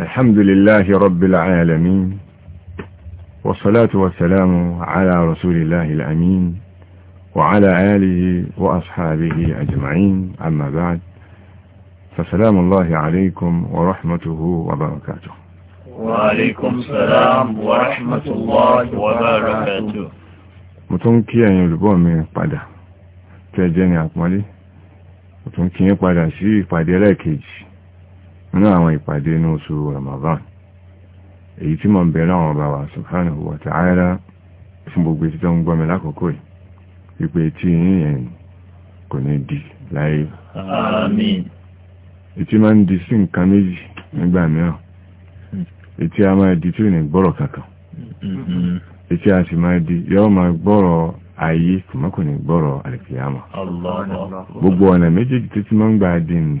الحمد لله رب العالمين والصلاة والسلام على رسول الله الأمين وعلى آله وأصحابه أجمعين أما بعد فسلام الله عليكم ورحمته وبركاته وعليكم السلام ورحمة الله وبركاته متنكي أن يلبون من قدر تجاني أكملي متنكي أن يقبل شيء قدر كيجي nínú àwọn ìpàdé ní oṣù Ramadan èyí tí mo bẹ̀rẹ̀ àwọn ọba wa subhanahu wa fún gbogbo ètí ń gbọ́mi lákòókò yìí wípé tí yìnyín kò ní di láyé ètí máa ń di sí nǹkan méjì nígbà mìíràn ètí a máa di tí ò ní gbọ́rọ̀ kankan ètí mm-hmm. a sì máa di yọ́ máa gbọ́rọ̀ ayé kò má ní gbọ́rọ̀ gbogbo ọ̀nà méjèèjì tó ti máa ń ni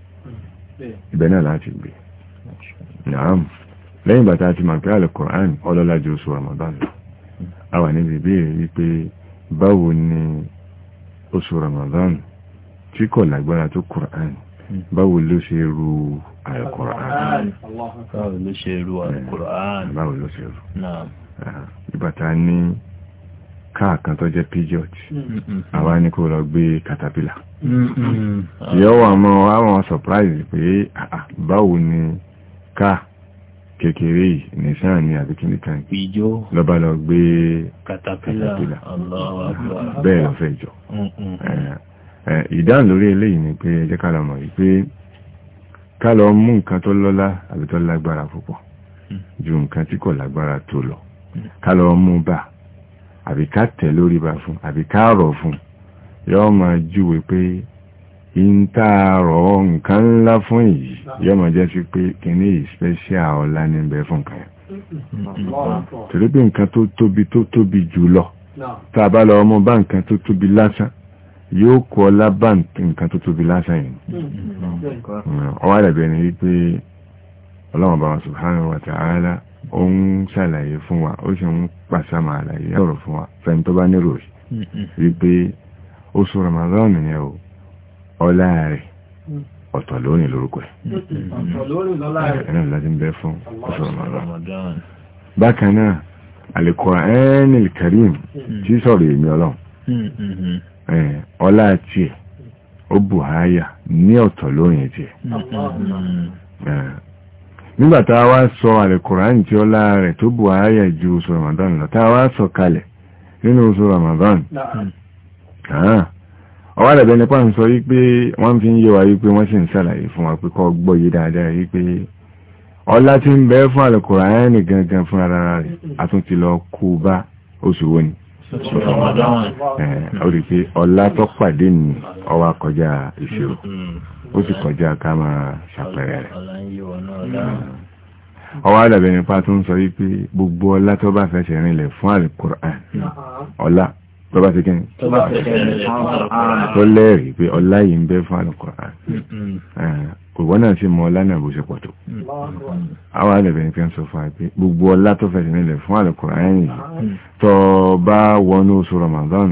ibẹ̀ náà láti gbé naam lẹ́yìn bàtà ti màkà al-Qur'an ọlọ́lá jù Ramadan a wà níbi ìbéèrè wípé báwo ni oṣù Ramadan tí kò lágbára tó Qur'an báwo ló ṣe rú al-Qur'an báwo ló ṣe rú al-Qur'an báwo ló ṣe rú naam káà kan tó jẹ́ pidgeot mm-hmm. àwa ní kó lọ gbé caterpillar mm-hmm. yóò wà mọ́ àwọn surprise pé báwo ni káà kékeré yìí nìsàn ní àbíkíní kan lọ́bá lọ gbé katapila bẹ́ẹ̀ lọ fẹ́ jọ mm-hmm. ìdáhùn lórí eléyìí ni pé ẹjẹ́ ká lọ mọ̀ yìí pé ká lọ mú nǹkan tó lọ́lá àbí tó lágbára púpọ̀ ju nǹkan tí kò lágbára tó lọ ká lọ mú bá àbí ká tẹ̀ lórí bá fún àbí ká rọ̀ fún yọ́ máa júwe pé ìntà rọ̀ nǹkan ńlá fún èyí yọ́ máa jẹ́ sí pé kìíní ìspẹ́ṣíà ọlá ní bẹ fún nǹkan torí pé nǹkan tó tóbi tó tóbi jùlọ tá bá lọ ọmọ bá nǹkan tó tóbi lásán yóò kọ ọlá bá nǹkan tó tóbi lásán yìí ọwọ́ mm-hmm. àdàbẹ̀ ni wípé ọlọ́wọ̀n bá wọn subhanahu wa ta'ala ó ń ṣàlàyé fún wa ó sì ń pàṣàmà àlàyé ọ̀rọ̀ fún wa fẹ́ni tó bá nírò mm, mm. wípé oṣù Ramadan yẹn o ọlá rẹ̀ ọ̀tọ̀ lónìí lórúkọ ẹ̀ mm, ẹ̀nà láti ń bẹ fún oṣù Ramadan bákan náà Al-Qur'an karim tí sọ̀rọ̀ èmi ọlọ́run ọlá tiẹ̀ ó bù háyà ní ọ̀tọ̀ tiẹ̀ nígbà tá a wá sọ àlèkùránì tí ó lára rẹ̀ tó bù ayà ju oṣù Ramadan lọ tá a wá sọ kalẹ̀ nínú oṣù Ramadan ọwá dàbẹ̀ nípa ń sọ wípé wọ́n fi ń yé wa wípé wọ́n sì ń sàlàyé fún wa pé gbọ́ yé dáadáa wípé ọlá tí ń bẹ fún àlèkùránì gangan fún ara rẹ̀ àtún ti lọ kú bá oṣù wo ni eh, ó rí pé ọlá tó pàdé ní ọwá kọjá ìṣirò mm. ó sì kọjá ká máa ṣàpẹẹrẹ rẹ̀ ọwọ́ àdàbẹ̀ nípa tó ń sọ wípé gbogbo ọlá tó bá fẹsẹ̀ rinlẹ̀ fún àlùkùrán ọlá tó bá fi kíni tó lẹ́rìí pé ọlá yìí ń bẹ fún àlùkùrán òwò mm-hmm. náà sí mọ ọlá náà bó ṣe pọ̀tò àwọn mm-hmm. àdàbẹ̀ nípa sọ fún gbogbo ọlá tó fẹsẹ̀ rinlẹ̀ fún àlùkùrán yìí mm-hmm. tó bá wọnú oṣù Ramadan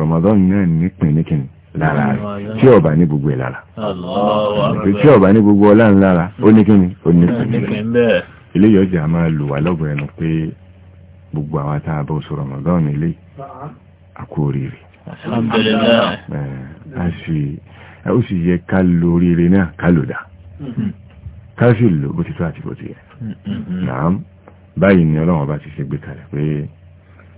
Ramadan náà nípìn níkìnnì lára rẹ̀ tí ọba ní gbogbo ẹ̀ lára tí ọba ní gbogbo ọlá ń lára ó ní kíni ó ní sọ̀rọ̀ eléyìí ọjà máa lù wá lọ́gbọ̀n ẹnu pé gbogbo àwọn tá a bọ́ oṣù Ramadan ilé àkó oríire ó sì yẹ ká lo oríire náà ká lò dá ká sì lò bó ti tó àti bó ti yẹ mm-hmm. báyìí ni ọlọ́run ọba ti ṣe gbé kalẹ̀ pé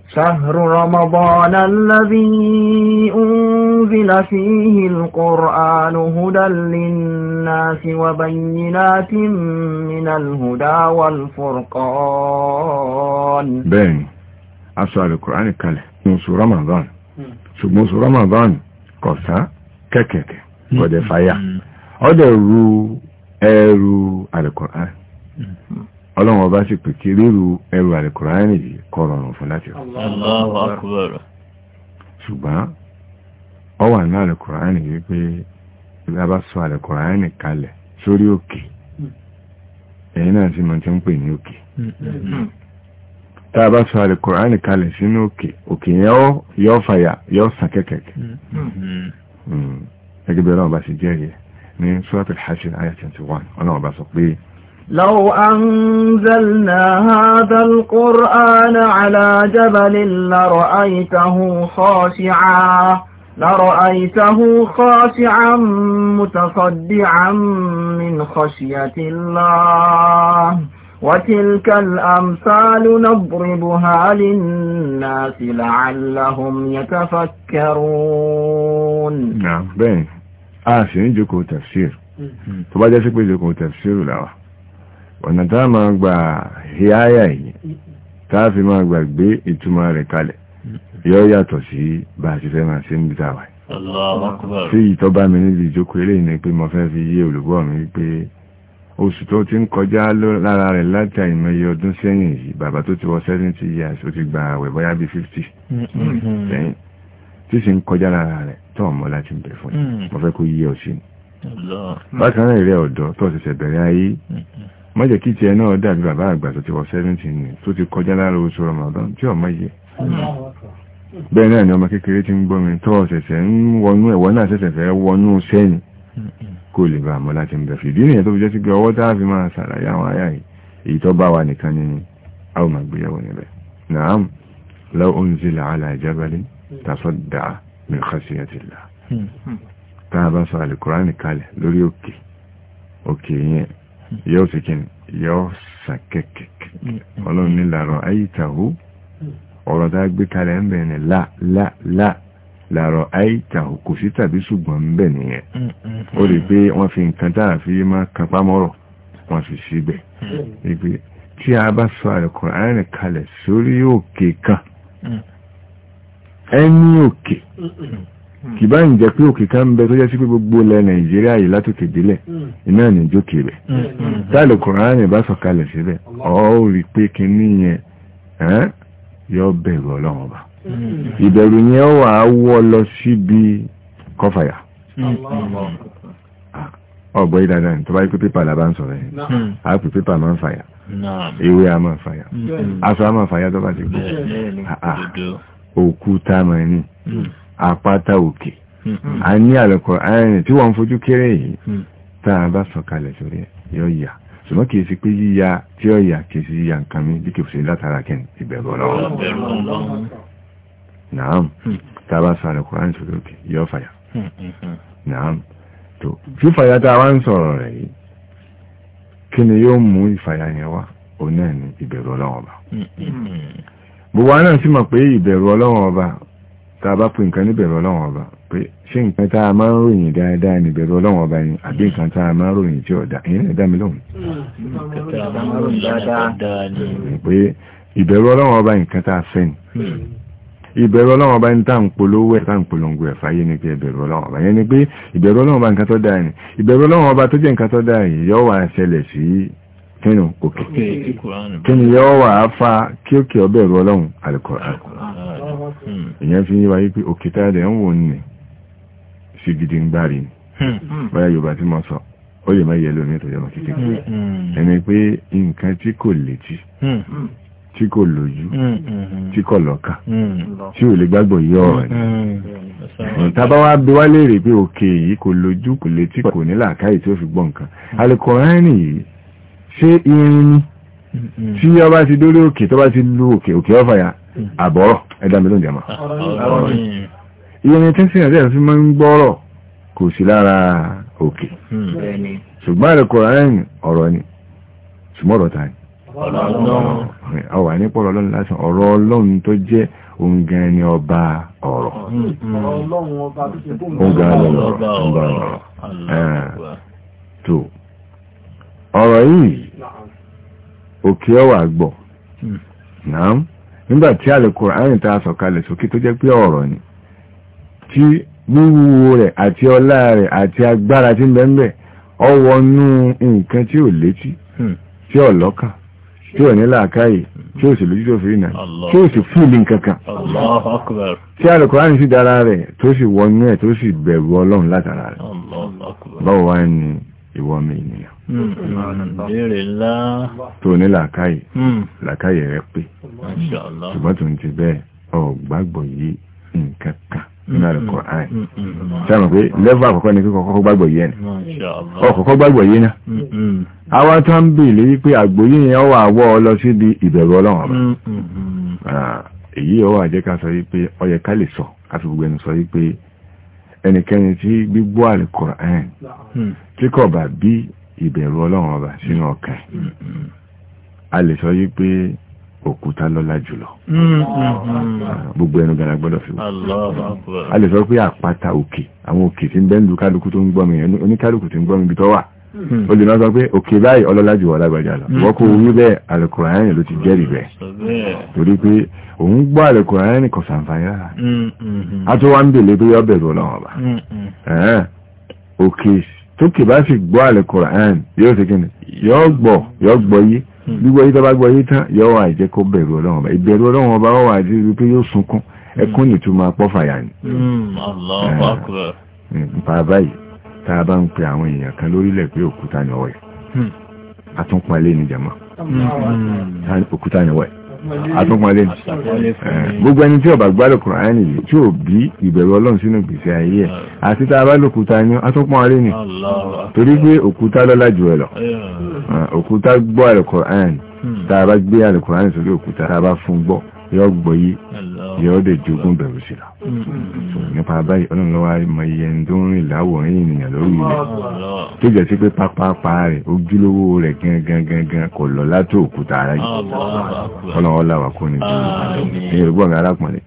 شهر رمضان الذي أنزل فيه القرآن هدى للناس وبينات من الهدى والفرقان بين أسأل القرآن الكلام موسو رمضان ṣùgbọ́n Ramadan kọ̀sán kẹ́kẹ̀kẹ́ kọ̀dẹ̀ fàyà ọdẹ̀ ru ẹrù Al-Qur'an ọlọ́run ọba sì pè kí ríru ẹrù àlẹ́kùnránì yìí kò rọrùn fún láti rọ ṣùgbọ́n ọ wà ní àlẹ́kùnránì yìí pé ìlàbá sọ àlẹ́kùnránì kalẹ̀ sórí òkè èyí náà sí mọ̀ tí ń pè ní òkè tá a bá sọ àlẹ́kùnránì kalẹ̀ sínú òkè òkè yẹn yọ fàyà yọ sàn kẹ́kẹ́kẹ́ mm-hmm. gẹ́gẹ́ bí ọlọ́run ọba sì jẹ́rìí ní suratul Hashr ayat 21 ọlọ́run sọ pé لو أنزلنا هذا القرآن على جبل لرأيته خاشعا لرأيته خاشعا متصدعا من خشية الله وتلك الأمثال نضربها للناس لعلهم يتفكرون نعم بين آسين آه، جكو تفسير تبا جاسك بجكو تفسير لأوه ọ̀nà tá a máa gbà hiáyà yìí tá a fi máa gbàgbé ìtumọ̀ rẹ̀ kalẹ̀ yọ yàtọ̀ sí bá a ti fẹ́ máa ṣe ń bí tàwa sí ìtọ́ bá mi níbi ìjókòó eléyìí ni pé mo fẹ́ fi yé olùgbọ́ mi pé oṣù tó ti ń kọjá lára rẹ̀ láti àìmọye ọdún sẹ́yìn yìí bàbá tó ti wọ 70 years ó ti gba àwẹ̀ bóyá bí 50 mm-hmm. sẹ́yìn tí sì ń kọjá lára rẹ̀ tó ọmọ láti ń bẹ̀ fún yìí mm. mo fẹ́ kó yé ọ sí ni bákan náà ìrẹ́ ọ̀dọ́ tó ṣẹ̀ṣẹ̀ bẹ̀rẹ̀ ayé mm-hmm mọ́jẹ̀ kí tiẹ̀ náà dàbí bàbá àgbà tó ti wọ 17 ni tó ti kọjá lára oṣù Ramadan tí ọmọ yẹ bẹ́ẹ̀ náà ni ọmọ kékeré ti ń gbọ́ mi tọ́ ṣẹ̀ṣẹ̀ ń wọnú ẹ̀wọ́ náà ṣẹ̀ṣẹ̀ fẹ́ wọnú sẹ́yìn kó lè bá àmọ́ láti ń bẹ̀ fìdí nìyẹn tó fi jẹ́ sí pé ọwọ́ tá a fi máa ṣàlàyé àwọn ayá yìí èyí tó bá wa yóò fi ọlọ́run ní làrọ̀ ayítahu ọ̀rọ̀ tá gbé kalẹ̀ ń bẹ̀ ni la la la làrọ̀ kò sí tàbí ṣùgbọ́n ń bẹ̀ nìyẹn ó rí pé wọ́n fi nǹkan tá a fi máa kan pámọ́rọ̀ wọ́n fi síbẹ̀ tí a bá sọ Hmm. kì bá ń jẹ́ pé òkè kan bẹ tó jẹ́ sí pé gbogbo ilẹ̀ nàìjíríà yìí látòkè délẹ̀ hmm. iná ní jókè rẹ̀ hmm. táàlù kùránì bá sọ̀kalẹ̀ síbẹ̀ ó rí pé kinní yẹn yọ bẹ̀rù ọlọ́run ọba ìbẹ̀rù yẹn ó wà á wọ́ lọ síbi kọfàyà ọ̀gbọ́ ìdáadáa tó bá yí pé pépà làbá ń sọ̀rọ̀ yẹn á pè pépà máa ń fàyà ewé a máa fàyà aṣọ a máa fàyà tó bá ti kú òkúta máa ní àpáta òkè mm-hmm. Mm-hmm. a ní àlọ́kọ̀ ààrẹ tí wọ́n fojú kéré yìí mm-hmm. tàà bá sọ̀kalẹ̀ sórí yóò yà ṣùgbọ́n kìí sí pé yíya tí ó yà kìí sí yíya nǹkan mi bí kìí sí látara kẹ́ ìbẹ̀rù ọlọ́run náà tàà bá sọ àlọ́kọ̀ ààrẹ sórí òkè yóò fàyà náà tó fífàyà tá a wá ń sọ̀rọ̀ rẹ̀ yìí kí ni yóò mú ìfàyà yẹn wá òun náà ní ìbẹ̀rù ọlọ́run ọba gbogbo wa náà sì mọ̀ pé ìbẹ̀rù ọlọ́run ọba tá a bá pè nǹkan níbẹ̀rù ọlọ́run ọba pé ṣé nǹkan tá a máa ń ròyìn dáadáa ní ìbẹ̀rù ọlọ́run ọba yìí àbí nǹkan tá a máa ń ròyìn tí ọ̀dà ìyẹn ẹ̀dá mi lóhùn. pé ìbẹ̀rù ọlọ́run ọba nǹkan tá a fẹ́ ni ìbẹ̀rù ọlọ́run ọba ń tà ń polówó ẹ̀ tà ń polongo ẹ̀fà yé ni pé ìbẹ̀rù ọlọ́run ni pé ìbẹ̀rù ọlọ́run ọba nǹkan ni ìbẹ̀rù ọlọ́run ọba tó jẹ́ nǹkan tó dáa yìí yọ́ wà ṣẹlẹ̀ sí kínú òkè kí ni yọ́ wà á fa kí òkè ọbẹ̀rù ọlọ́run alukọ̀rọ̀ ìyẹn hmm. fi yíwa yí pé òkìtà ẹ̀dẹ̀ ń wò ní sí gidi ń gbárí ni hmm. hmm. báyá Yorùbá tí mo sọ ó lè máa yẹ lómi tó yọmọ kékeré ẹni pé nǹkan tí kò létí tí kò lójú tí kò lọ́kà tí ò lè gbàgbọ́ yí ọ̀rọ̀ ni tábá wá bí wá léèrè pé òkè yìí kò lójú kò létí kò ní làákàyè tí ó fi gbọ́ nǹkan alukọ̀ránì yìí ṣé irin ni tí ọba ti dórí òkè tó bá ti lu òkè òkè ọ̀fà ya àbọ̀rọ̀ ẹ̀dá mi ló ń jẹ́ máa ìyẹn tí sí ẹ̀dẹ́ fi máa ń gbọ́rọ̀ kò sí lára òkè hmm. ṣùgbọ́n ẹ̀rẹ̀ Kùránì ọ̀rọ̀ ni ṣùgbọ́n ọ̀rọ̀ ta ni ọwà ní pọ̀rọ̀ ọlọ́run lásán ọ̀rọ̀ ọlọ́run tó jẹ́ oúnjẹ ni ọba ọ̀rọ̀ oúnjẹ hmm. ọba ah. ọ̀rọ̀ yìí òkè ọwà gbọ̀ hmm. náà nígbà tí Al-Kùránì ta sọ̀kalẹ̀ sókè tó jẹ́ pé ọ̀rọ̀ ni tí wíwúwo rẹ̀ àti ọlá rẹ̀ àti agbára tí ń bẹ ń bẹ ọwọ́ nú nǹkan tí ò létí hmm. tí ò lọ́kàn tí ò ní làákàyè tí ò sì lójú tó fi nà tí ò sì fúlì nǹkankan tí Al-Kùránì sì dára rẹ̀ tó sì wọnú ẹ̀ tó sì bẹ̀rù Ọlọ́run látara rẹ̀ báwo wá ní ìwọ́mi ènìyàn Béèrè hmm. ńlá. Tó ní làkáyè, hmm. làkáyè rẹ pé. Ṣùgbọ́n tó ń ti bẹ́ẹ̀, ọ̀gbàgbọ́ yìí nǹkan kan nínú àlùkò àì. Ṣáàmù pé hmm. lẹ́fà àkọ́kọ́ ni kíkọ́ gbàgbọ́ yìí ẹni. Ọkọ̀kọ́ gbàgbọ́ yìí náà. Àwọn tó ń bèèrè wípé àgbóyé yẹn wà wọ́ ọ lọ síbi ìbẹ̀rù ọlọ́run ọba. Èyí ọwọ́ àjẹ́ ká sọ wípé ọyẹ ká lè sọ, ká gbogbo ẹnu sọ wípé ẹnikẹ́ni tí gbígbọ́ àlùkò àì ìbẹ̀rù ọlọ́run ọba sínú ọkàn a lè sọ yí pé òkúta lọ́lá jùlọ gbogbo ẹnu gana gbọ́dọ̀ fi a lè sọ pé àpáta òkè àwọn òkè tí ń bẹ́ndù kálukú tó ń gbọ́ mi oníkálukú tí ń gbọ́ mi bí tọ́ wà ó hmm. lè máa sọ pé òkè báyìí ọlọ́lá jù wọ́n lágbàjá lọ hmm. wọ́n kó wí bẹ́ẹ̀ alukùránì ló ti jẹ́rìí bẹ́ẹ̀ torí pé òun gbọ́ alukùránì kò sàǹfààní rárá hmm, a tó wá ń bèlè pé ọbẹ̀ lọ́wọ́ bá òkè tó bá fi gbọ́ àlè Kùránì yóò ṣe kí ni gbọ́ gbọ́ yí gbígbọ́ yí bá gbọ́ yí tán wà jẹ́ kó bẹ̀rù ọlọ́run ọba ìbẹ̀rù wà yóò sunkún ẹkún ní túmọ̀ apọ́fàyà ni. Hmm, eh, bàbá yìí tá a bá ń pe àwọn èèyàn kan lórílẹ̀ pé òkúta ni ọwọ́ yìí àtúnpalẹ̀ hmm. ni àtúnpalẹ gbogbo ẹni tí ó bá gbádùn kùránì yìí tí ò bí ìbẹ̀rù ọlọ́run sínú gbèsè ayé ẹ̀ àti tá a bá lòkúta ní àtúnpọ̀ alẹ́ ni torí pé òkúta lọ́lá jù ẹ lọ òkúta gbọ́ àlùkùránì hmm. tá a bá gbé àlùkùránì sórí òkúta tá a bá fún gbọ́ yóò gbọ́yé yóò dẹ̀ jogún bẹ̀rù sí la mm-hmm. nípa báyìí ọlọ́run lọ́wọ́ mọ iye tó ń rìn láwòrán ènìyàn lórí ilẹ̀ tó jẹ́ sí pé pápápá rẹ̀ ojúlówó rẹ̀ gangan kò lọ látò òkúta ara yìí ọlọ́run ọláwà kò ní ju ìyẹn gbọ́n mi arákùnrin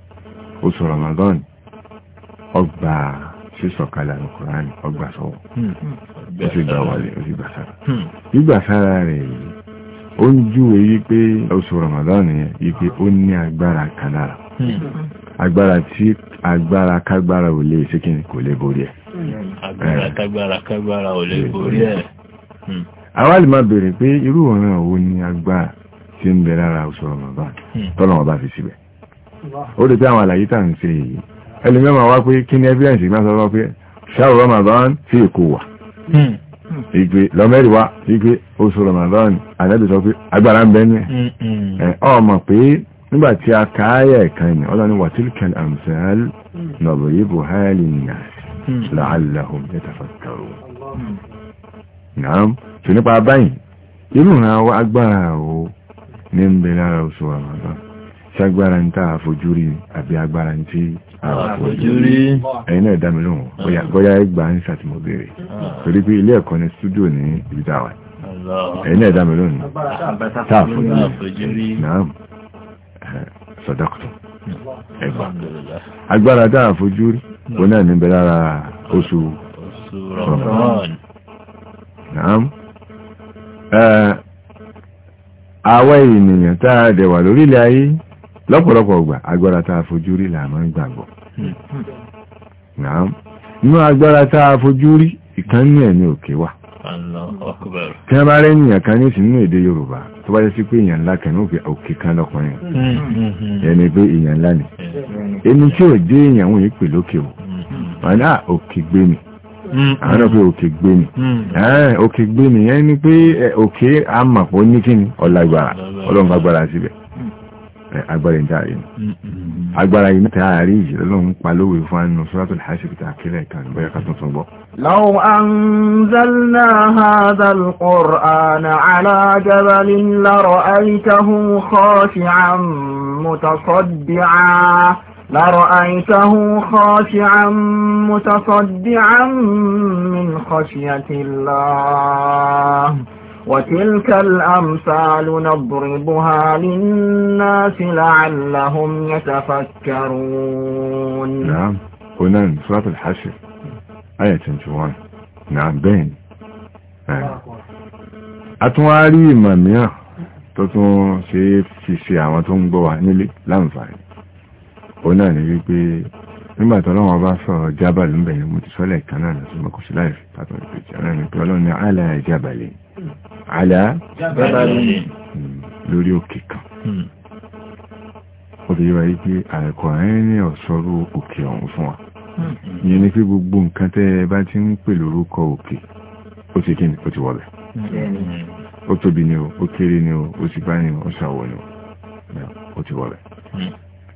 oṣù Ramadan ọgbà sísọ̀kalẹ̀ àlùkùránì ọgbà sọ́wọ́ mm-hmm. ó sì gbà wọlé ó sì gbà sára mm-hmm. gbígbà sára rẹ̀ yìí ó ń júwe wípé oṣù Ramadan yẹn wípé ó ní agbára kan lára hmm. agbára tí agbára kágbára ò lè ṣe kí ni kò lè borí ẹ̀ agbára eh. kágbára kágbára ò lè borí ẹ̀ hmm. àwọn àlìmọ́ bèèrè pé irú ọ̀ràn òwò ni agbára tí ń bẹ lára oṣù Ramadan hmm. tọ́nà ọba fi síbẹ̀ ó lè pé àwọn àlàyé tà ń ṣe èyí ẹlòmíràn wá pé kí ni evidence ìgbà sọ pé ṣáà Ramadan fi èkó wà ìgbé lọ́mẹ́rì wá wípé oṣù Ramadan ànábì sọ pé agbára ń bẹ ní ẹ̀ ọmọ pé nígbà tí a káyà ẹ̀kan ní ọlọ́ni wàtílkẹ̀l àmsàl nọ̀bọ̀yí buhari nàásì làálàhùn mm. yatafakkaru mm. náà tó nípa báyìí inú ra wá agbára o ní ń bẹ lára oṣù Ramadan ṣagbára ń tà àfojúrí àbí agbára ń tí àfojúrí ẹ̀yin náà dá mi lóhùn bóyá ẹgbà ń ṣàtìmọ̀ béèrè torí pé ilé ẹ̀kọ́ ni studio ní ibi tá a wà ẹ̀yin náà dá mi lóhùn tá àfojúrí náà sọdọ́kùtù ẹgbà agbára tá àfojúrí ó náà níbẹ̀ lára oṣù rọ̀mọ̀n àwọn ènìyàn tá a dẹ̀wà lórílẹ̀ ayé lọ́pọ̀lọpọ̀ ọgbà agbára tá a fojú rí là máa ń gbàgbọ́ nínú agbára tá a fojú rí ìkan ní ẹ̀mí òkè wà kí wọ́n bá kan ní èdè Yorùbá tó bá sí pé èèyàn ńlá òkè kan ẹni pé ni ẹni tí ò dé èèyàn wọ̀nyí pè lókè o ní òkè gbé àwọn òkè gbé ni òkè gbé ni pé òkè àmàpọ̀ agbára ìjà rẹ̀ agbára yìí mẹ́ta ló ń pa lówe fún àánú sọ́rọ̀tò láṣẹ́ pẹ̀tà àkílẹ̀ ìkà ní bọ́yá kàtún sọ́gbọ́. لو أنزلنا هذا القرآن على جبل لرأيته خاشعا متصدعا لرأيته خاشعا متصدعا من خشية الله وتلك الأمثال نضربها للناس لعلهم يتفكرون نعم هنا من سورة الحشر آية جوان نعم بين آه. أتوالي من يا أتواري ممي تتو سيف سيسي عمتهم بوحنلي لنفعل قلنا نبي nígbà tó lọ́wọ́ bá sọ̀rọ̀ jábàlì ń bẹ̀yẹ̀ mo ti sọ́lẹ̀ kan náà lọ́sùn mọ́kù sí láì pàtó ìpèjì ara ní pé ọlọ́run ní àlà jábàlì àlà jábàlì hmm, lórí òkè kan hmm. ó ti yíwa yí pé àìkọ̀ ẹ̀yìn ní ọ̀sọ́rú òkè ọ̀hún fún wa hmm. ìyẹn ni pé gbogbo nǹkan tẹ́ ẹ bá ti ń pè lórúkọ òkè ó ti kíni ó ti wọlẹ̀ ó tóbi ni o ó kéré ni o ó ti bá ni o ó ṣàwọ̀ ni o ó ti wọlẹ̀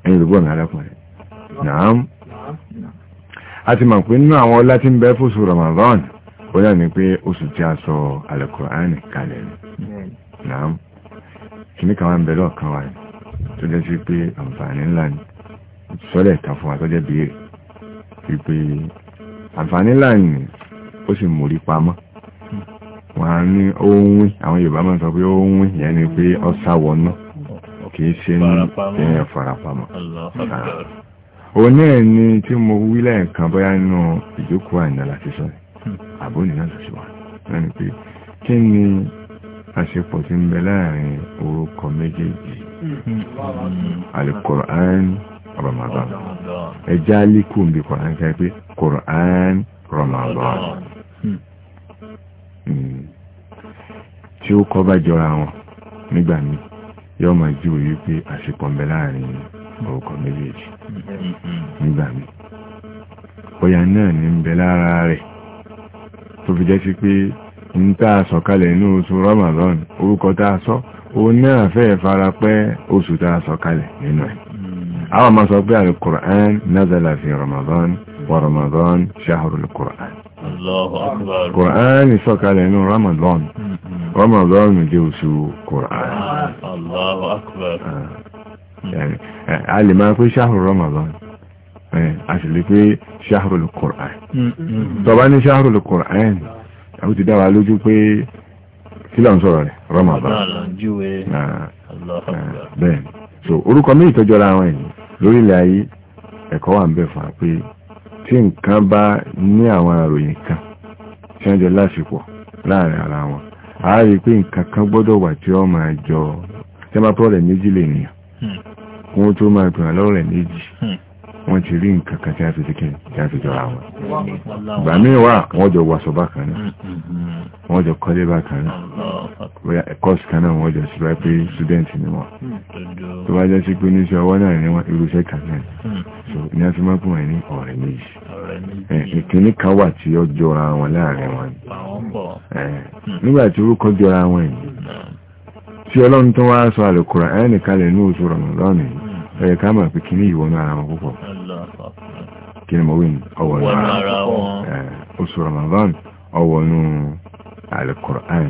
ẹ̀yìn ló bọ̀ ní arákùnrin a ti mọ̀ pé nínú àwọn ọlá tí ń bẹ fóṣù Ramadan ó yà ní pé oṣù tí a sọ Al-Qur'ani kalẹ̀ náà kìíní kan wá ń bẹ lọ́ọ̀kan wa tó jẹ́ sí pé àǹfààní ńlá ni sọ́lẹ̀ kan fún wa tó jẹ́ bèèrè wípé àǹfààní ńlá ni ó sì mórí pamọ́ wọ́n á ní ohun àwọn Yorùbá máa ń sọ pé ohun ìyẹn ni pé ọ̀sáwọ̀ náà kìí ṣe ní ẹ̀yẹn farapamọ́ òun náà ni tí mo wí lẹ́ẹ̀kan bóyá nínú ìjókòó àìná láti sọ àbónì náà lọ́sí wa náà ni pé kí ni àṣepọ̀ tí ń bẹ láàrin orúkọ méjèèjì alukoran Ramadan ẹja alikú ń bí koran kẹ́ pé koran Ramadan hmm. tí ó kọ́ bá jọra wọn nígbà míì yóò máa jí òye pé àṣepọ̀ ń bẹ láàrin orúkọ méjèèjì nígbà mi bóyá náà ní ń bẹ lára rẹ̀ tó fi jẹ́ sí pé ń tá a sọ kalẹ̀ ní oṣù Ramadan orúkọ tá a sọ òun náà fẹ́ fara pẹ́ oṣù tá a sọ kalẹ̀ nínú ẹ̀ àwọn máa sọ pé alukur'an nazala fi Ramadan wa Ramadan shahrul kur'an kur'an sọ̀kalẹ̀ nínú Ramadan Ramadan jẹ́ oṣù kur'an. Eh, a lè máa pé ṣáhùrù Ramadan eh, a sì lè pé ṣáhùrù al mm, mm, mm. tọba ní ṣáhùrù Al-Qur'an ti dá wa lójú pé kílọ̀ ń sọ̀rọ̀ rẹ̀ bẹ́ẹ̀ so orúkọ wọn yìí lórílẹ̀ ayé ẹ̀kọ́ wà ń bẹ̀ fà pé tí nǹkan bá ní àwọn àròyìn kan tí wọ́n jọ láṣepọ̀ a rí pé nǹkan kan gbọ́dọ̀ wọ́n tó máa pè wọ́n lọ́rẹ̀ méjì hmm. wọ́n ti rí nǹkan kan tí a fi síkẹ́ tí a fi jọra wọn ìgbà míì wà wọ́n jọ wàṣọ bákan náà hmm. wọ́n jọ kọ́lé bákan náà bóyá kan náà wọ́n jọ sí wáyé pé ṣúdẹ́ǹtì ni wọ́n hmm. tó bá jẹ́ sí pé níṣẹ́ ọwọ́ náà ni wọ́n irúṣẹ́ kan náà so ní a fi máa pùn ẹ̀ ní ọ̀rẹ́ méjì eh, ìkíní kan wà tí ó jọra wọn láàrin wọn eh, nígbà tí orúkọ jọra wọn yìí tí ọlọ́run tó wá sọ àlùkùránì ẹnìkalẹ̀ ní ẹ̀yẹ ká mọ̀ pé kí ní ìwọ̀n ara wọn púpọ̀ kí ni mọ̀wé ọwọ̀ ara wọn oṣù Ramadan ọwọ̀ nù Al-Qur'an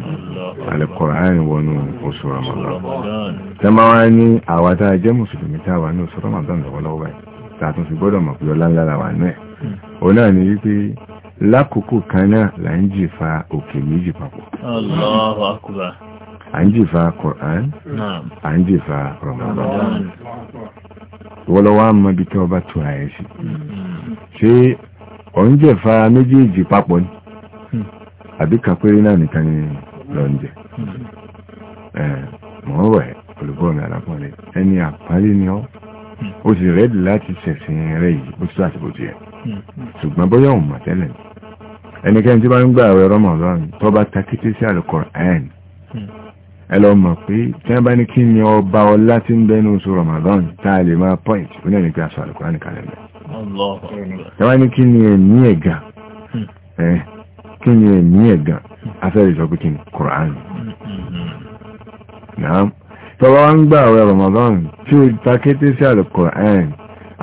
Al-Qur'an wọnú oṣù Ramadan tẹ́mọ́ wá ní àwátá jẹ́ mùsùlùmí táwà ní oṣù Ramadan lọ́wọ́lọ́wọ́ báyìí tààtún sí gbọ́dọ̀ mọ̀ pé ọlá ńlá làwà náà ò náà ní wípé lákòókò kan náà là ń jìfà òkè méjì papọ̀ à ń jìfà Quran à ń jìfà Ramadan wọ́n lọ wá mọ ibi tí ọba tura ẹ̀ sí hmm. ṣé ọ̀ ń jẹ̀fà méjèèjì papọ̀ ni hmm. àbí kàpẹ́rẹ́ náà nìkan ni lọ ń jẹ mọ̀ hmm. ọ́ rẹ̀ olùkọ́ mi àlàpọ̀lẹ̀ ẹni àpárí ni ọ́ ó sì rẹ́dì láti ṣẹ̀sìn rẹ̀ yìí ó sì láti bò tiẹ̀ ṣùgbọ́n bóyá òun mọ̀ tẹ́lẹ̀ ẹnikẹ́ni tí bá ń gbà ẹ̀rọ mọ̀ lọ́rùn tó takété sí àlùkò ẹ̀ẹ́nì ẹ lọ mọ̀ pé tí wọ́n bá ní kí ni ọba ọlá tí ń bẹ́nu oṣù Ramadan tá a lè máa point ó ní ẹ̀nìkan aṣọ àlùkò láti kalẹ̀ mẹ́. ẹ wá ní kí ni ẹ̀mí ẹ̀gàn ẹ kí ni ẹ̀mí ẹ̀gàn afẹ́rẹ́ sọ pé kí ni Kùránì. Nàám tọ́wọ́ ń gbà àwẹ̀ Ramadan tí o ta sí àlùkò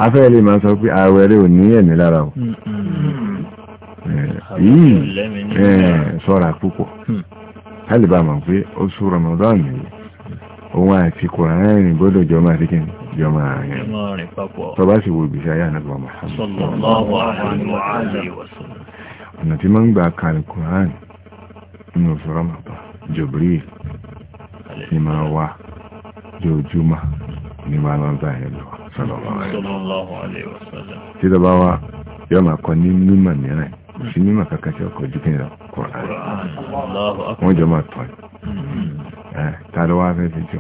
afẹ́rẹ́ lè máa sọ pé àwẹ̀ rẹ̀ ò ní ẹ̀mí lára o. Hmm. yìí sọ́ra púpọ̀. Hmm kálíbà mọ̀ pé oṣù Ramadan yìí òun àti kòránì gbọ́dọ̀ jọ máa díkẹ́ jọ máa rìn tọba sì wo ìgbésí ayé ànábì Muhammad ọ̀nà tí ma ń gbà kàrí kòránì nínú oṣù Ramadan Jibril ni máa wá jọjúmọ́ ni máa lọ bá ẹ̀ lọ sọ́lọ́wọ́ rẹ̀ títọ́ bá wá yọ máa kọ ní mímọ̀ mìíràn kò sí mímọ̀ kankan tí ọkọ̀ jù kí lọ Kùránì wọ́n jọ máa tọ́ hmm. ẹ̀ tá ló wá fẹ́ fi jọ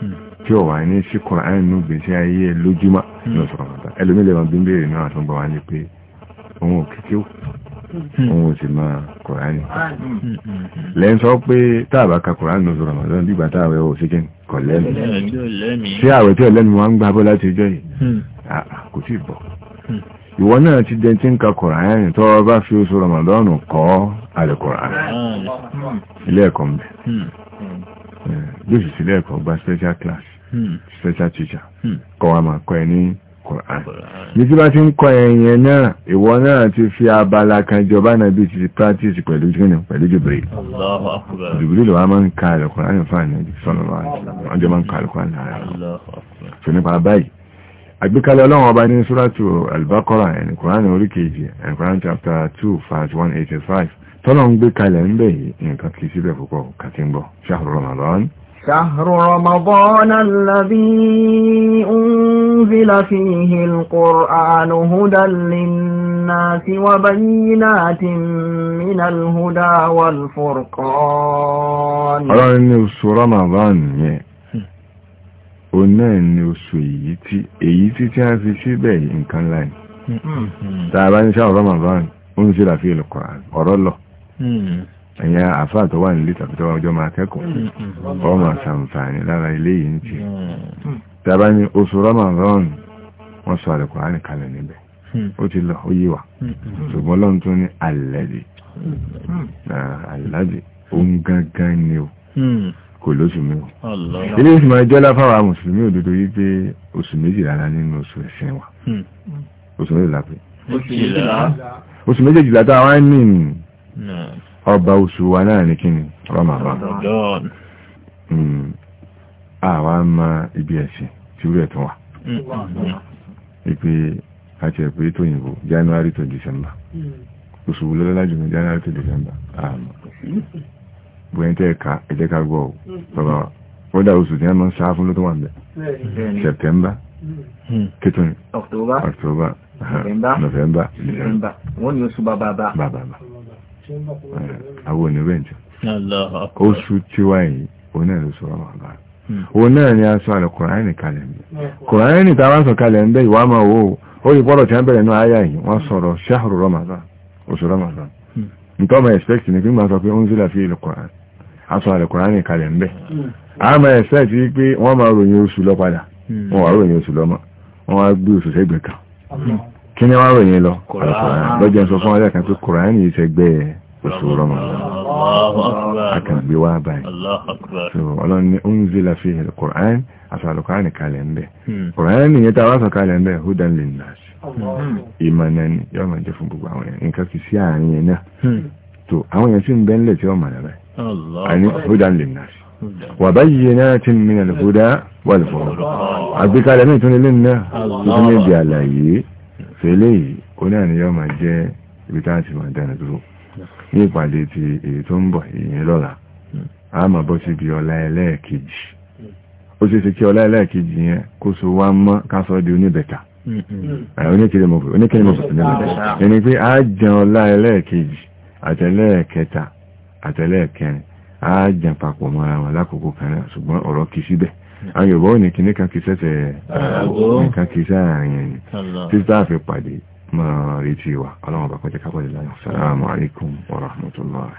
hmm. tí ó wà ní sí Kùránì nínú gbèsè ayé lójúmọ́ hmm. ní oṣù Ramadan ẹlòmílẹ̀ wọn bí ń béèrè náà tó ń bọ̀ wá ní pé òun ò kíkíw òun ò sì máa Kùránì lẹ́yìn sọ pé táàbà ka Kùránì ní oṣù Ramadan dìgbà táàwẹ̀ ò sí kíni kọ̀ lẹ́nu sí àwẹ̀ tí ọ̀lẹ́nu wọn ń gbà bọ́ láti ọjọ́ yìí ah, ah, kò tí bọ̀ ìwọ náà ti dẹ tí ń ka kùránì tó bá fi oṣù Ramadan kọ́ alìkùránì hmm. ilé ẹ̀kọ́ mbẹ̀ hmm. hmm. yóò sì sílé ẹ̀kọ́ gba special class special teacher kọ́ wa máa kọ́ ẹ ní kùránì ní tí bá ti ń kọ́ ẹ̀yẹn náà ìwọ náà ti fi abala kan jọba náà bí ti practice pẹ̀lú jùlọ pẹ̀lú Jibril Jibril wa máa ń ka alìkùránì fáànì sọ́nà ọjọ́ máa ń ka alìkùránì lára rẹ̀ àgbékalẹ̀ ọlọ́run ọba ní súrátù albakora ẹni kùránì orí kejì ẹni kùránì chapter 2 verse 185 tọ́lọ̀ ń gbé kalẹ̀ ń bẹ̀ yìí nǹkan kìí síbẹ̀ púpọ̀ kàtí ń bọ̀ ṣáàrù ramadan شهر رمضان الذي أنزل فيه القرآن هدى للناس وبينات من الهدى والفرقان أرى أن رمضان o náà ni oṣù èyí tí èyí tí a fi síbẹ̀ nǹkan láì hmm. tá a bá ń ṣá ọ̀rọ̀ màbá ó ń ṣe làfi ìlùkọ̀ ọ̀rọ̀ lọ hmm. ẹ̀yà àfáà tó wà nílé tàbí tó ọjọ́ máa kẹ́kọ̀ọ́ ọ hmm. máa lára ilé yìí ń ṣe tá a bá ní oṣù Ramadan wọ́n sọ àlùkò ti lọ ó yé wa ṣùgbọ́n lọ́n tó ní àlẹ́dì àlẹ́dì ó ń gángan ni o kò lóṣù mẹ́wàá ilé oṣù máa jọ́lá fáwọn mùsùlùmí òdodo yìí pé oṣù méjìlá la nínú oṣù ẹ̀sìn wa hmm. oṣù la. pé oṣù méjìlá tá a wá ní ọba oṣù wa náà ní kíni Ramadan àwa hmm. máa ibi ẹ̀sìn tí ó rẹ̀ tún wà ìpè hmm. àti ẹ̀pẹ́ tó January to December oṣù wùlọ́lọ́lá jùlọ January to December àmọ́ gbogbo ẹni tẹ́ ẹ̀ka ẹ̀jẹ̀ ká gbọ́ mm-hmm. bàbá kódà oṣù tí wọ́n máa fún ló wà ń bẹ̀ September mm-hmm. kìtùn October October November December wọ́n ní oṣù bàbá bá bàbá bá eh, àwọn onírẹ̀ jù oṣù tí wà yìí òun náà ló sọ ọmọ bá hmm. òun náà ni a sọ àlọ kòránì kalẹ̀ ń bẹ̀ hmm. kòránì tá a wá sọ kalẹ̀ ń bẹ̀ ìwà máa wò ó rí bọ́rọ̀ tí wọ́n bẹ̀rẹ̀ Ramadan oṣù Ramadan nítorí hmm. ọmọ ni kí n máa sọ pé asọ alẹ́kùnránì kalẹ̀ ńbẹ́ hmm. a máa ẹ̀sẹ̀ tí pé wọ́n máa ròyìn oṣù lọ padà hmm. wọ́n wá ròyìn oṣù lọ ma wọ́n wá gbé oṣù sẹ́gbẹ̀ẹ́ kan kí ni wọ́n ròyìn lọ lọ́jọ́ sọ fún kan pé kùránì oṣù rọmọ báyìí ọlọ́run ní ńbẹ́ kùránì hmm. tá a wá sọ ńbẹ́ hudan sí náà àní hudan linnas wà báyìí náà tí mi nà hudan wà lè fọ́rọ̀ àgbékalẹ̀ ní ìtúnilé náà ìtúnilé di àlàyé fẹ́lẹ́ yìí ó náà ni yọ́ máa jẹ́ ibi tá àti máa dánu dúró ní ìpàdé ti èyí tó ń bọ̀ ìyẹn lọ́la a máa bọ́ síbi ọlá ẹlẹ́ẹ̀kejì ó ṣe ṣe kí ọlá ẹlẹ́ẹ̀kejì yẹn kó so wá mọ́ kásọ́ di oníbẹ̀ta oníkèrè mọ̀fẹ̀ nílẹ̀ ẹni pé a jẹun ọlá ẹlẹ́ẹ̀kejì àtẹlẹ́ẹ̀kẹta àtẹ́lẹ́ẹ̀kẹrin á jẹ papọ̀ mọ́ra wọn lákòókò kan náà ṣùgbọ́n ọ̀rọ̀ kì í síbẹ̀ àwọn Yorùbá ò ní kíní kan kì í sẹ́sẹ̀ nǹkan kì í sáàrin ẹni títà fi pàdé máa retí wa ọlọ́run bá kápọ̀ ìlànà